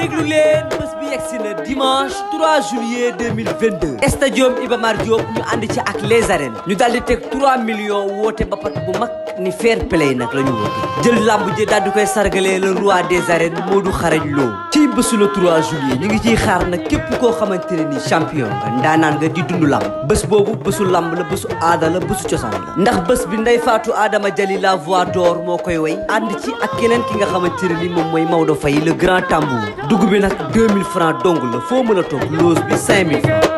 déglu leen bés bi yegsi na dimanche 3 juillet 2022 stadium Iba Mar Diop ñu ànd ci ak les ñu daal di teg 3 millions woote ba pat bu mag ni fair play nag la ñu woote jël làmb ji daal di koy sargalee le roi des arènes Modou Xarañ Lo ci bésu le 3 juillet ñu ngi ciy xaar na képp koo xamante ne ni champion nga ndaanaan nga di dundu lamb bés boobu bésu lamb la bésu aada la bésu cosaan la ndax bés bi nday faatu aadama Jali la voix d'or moo koy way ànd ci ak keneen ki nga xamante ne ni moom mooy Maodo Faye le grand tambour dugub bi nag 2000 francs dong la foo mën a toog loose bi 5000 francs